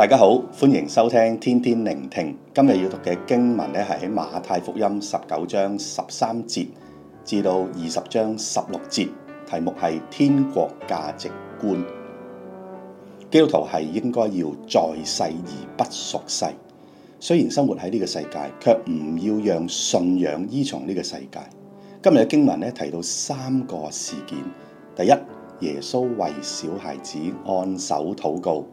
大家好，歡迎收聽天天靈聽。今日要讀嘅經文咧，係喺馬太福音十九章十三節至到二十章十六節，題目係天國價值觀。基督徒係應該要在世而不屬世，雖然生活喺呢個世界，卻唔要讓信仰依從呢個世界。今日嘅經文咧提到三個事件：第一，耶穌為小孩子按手禱告；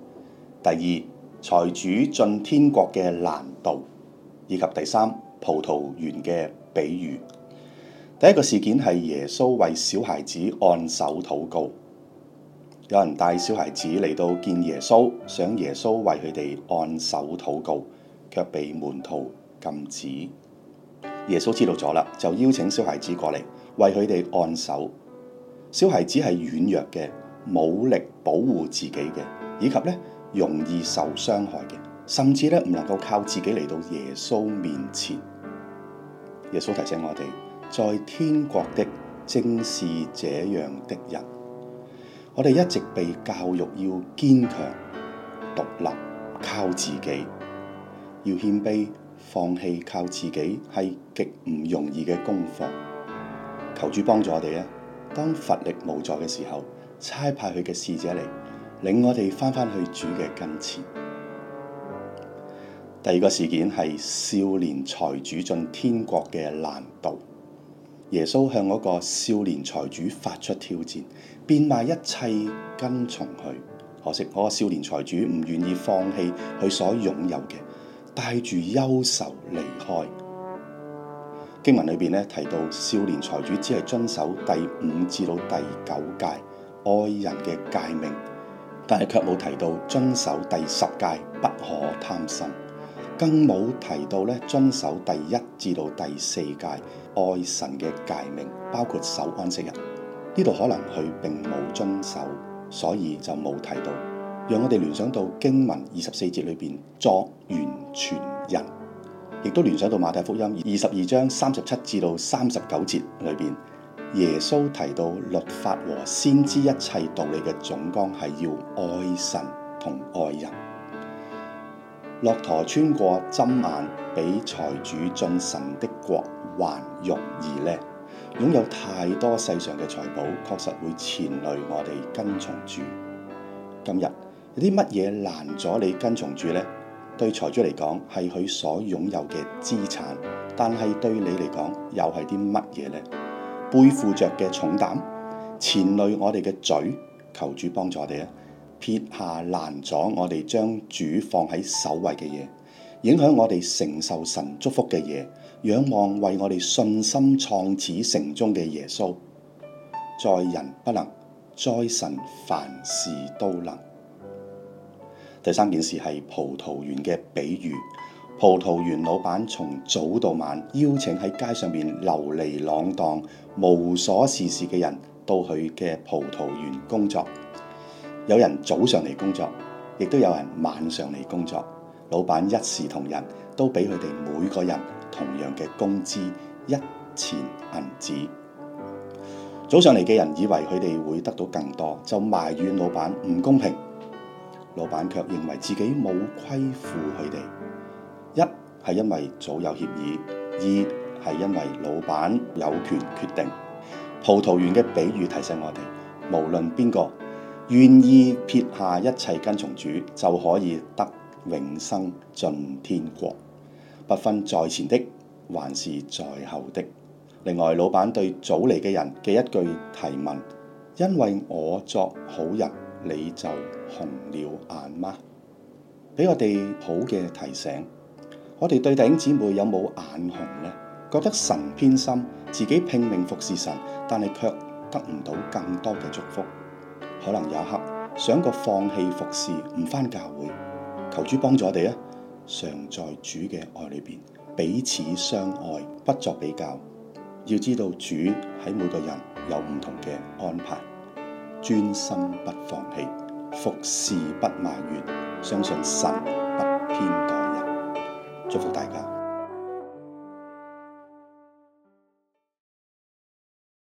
第二，財主進天國嘅難度，以及第三，葡萄園嘅比喻。第一個事件係耶穌為小孩子按手禱告。有人帶小孩子嚟到見耶穌，想耶穌為佢哋按手禱告，卻被門徒禁止。耶穌知道咗啦，就邀請小孩子過嚟，為佢哋按手。小孩子係軟弱嘅，冇力保護自己嘅，以及呢。容易受傷害嘅，甚至咧唔能夠靠自己嚟到耶穌面前。耶穌提醒我哋，在天國的正是這樣的人。我哋一直被教育要堅強、獨立、靠自己，要謙卑、放棄靠自己係極唔容易嘅功課。求主幫助我哋啊！當乏力無助嘅時候，差派佢嘅使者嚟。領我哋翻返去主嘅跟前。第二個事件係少年財主進天國嘅難度。耶穌向嗰個少年財主發出挑戰，變賣一切跟從佢。可惜嗰個少年財主唔願意放棄佢所擁有嘅，帶住憂愁離開。經文裏邊呢提到，少年財主只係遵守第五至到第九誡愛人嘅誡命。但係卻冇提到遵守第十誡，不可貪心，更冇提到咧，遵守第一至到第四誡愛神嘅誡命，包括守安息日。呢度可能佢並冇遵守，所以就冇提到。讓我哋聯想到經文二十四節裏邊作完全人，亦都聯想到馬太福音二十二章三十七至到三十九節裏邊。耶穌提到律法和先知一切道理嘅總綱係要愛神同愛人。駱駝穿過針眼，比財主進神的國還容易呢。擁有太多世上嘅財寶，確實會纏累我哋跟從主。今日有啲乜嘢攔阻你跟從主呢？對財主嚟講係佢所擁有嘅資產，但係對你嚟講又係啲乜嘢呢？背負着嘅重擔，纏累我哋嘅罪，求主幫助我哋撇下攔阻我哋將主放喺首位嘅嘢，影響我哋承受神祝福嘅嘢，仰望為我哋信心創始成終嘅耶穌。在人不能，在神凡事都能。第三件事係葡萄園嘅比喻。葡萄園老闆從早到晚邀請喺街上面流離浪蕩、無所事事嘅人到佢嘅葡萄園工作，有人早上嚟工作，亦都有人晚上嚟工作。老闆一視同仁，都俾佢哋每個人同樣嘅工資一錢銀子。早上嚟嘅人以為佢哋會得到更多，就埋怨老闆唔公平。老闆卻認為自己冇虧負佢哋。一係因為早有協議，二係因為老闆有權決定。葡萄園嘅比喻提醒我哋，無論邊個願意撇下一切跟從主，就可以得永生進天國，不分在前的還是在後的。另外，老闆對早嚟嘅人嘅一句提問：「因為我作好人，你就紅了眼嗎？」俾我哋好嘅提醒。我哋對弟兄姊妹有冇眼紅呢？覺得神偏心，自己拼命服侍神，但係卻得唔到更多嘅祝福。可能有一刻想過放棄服侍，唔返教會。求主幫助我哋啊！常在主嘅愛裏邊，彼此相愛，不作比較。要知道主喺每個人有唔同嘅安排，專心不放棄，服侍不埋怨，相信神不偏待。祝福大家！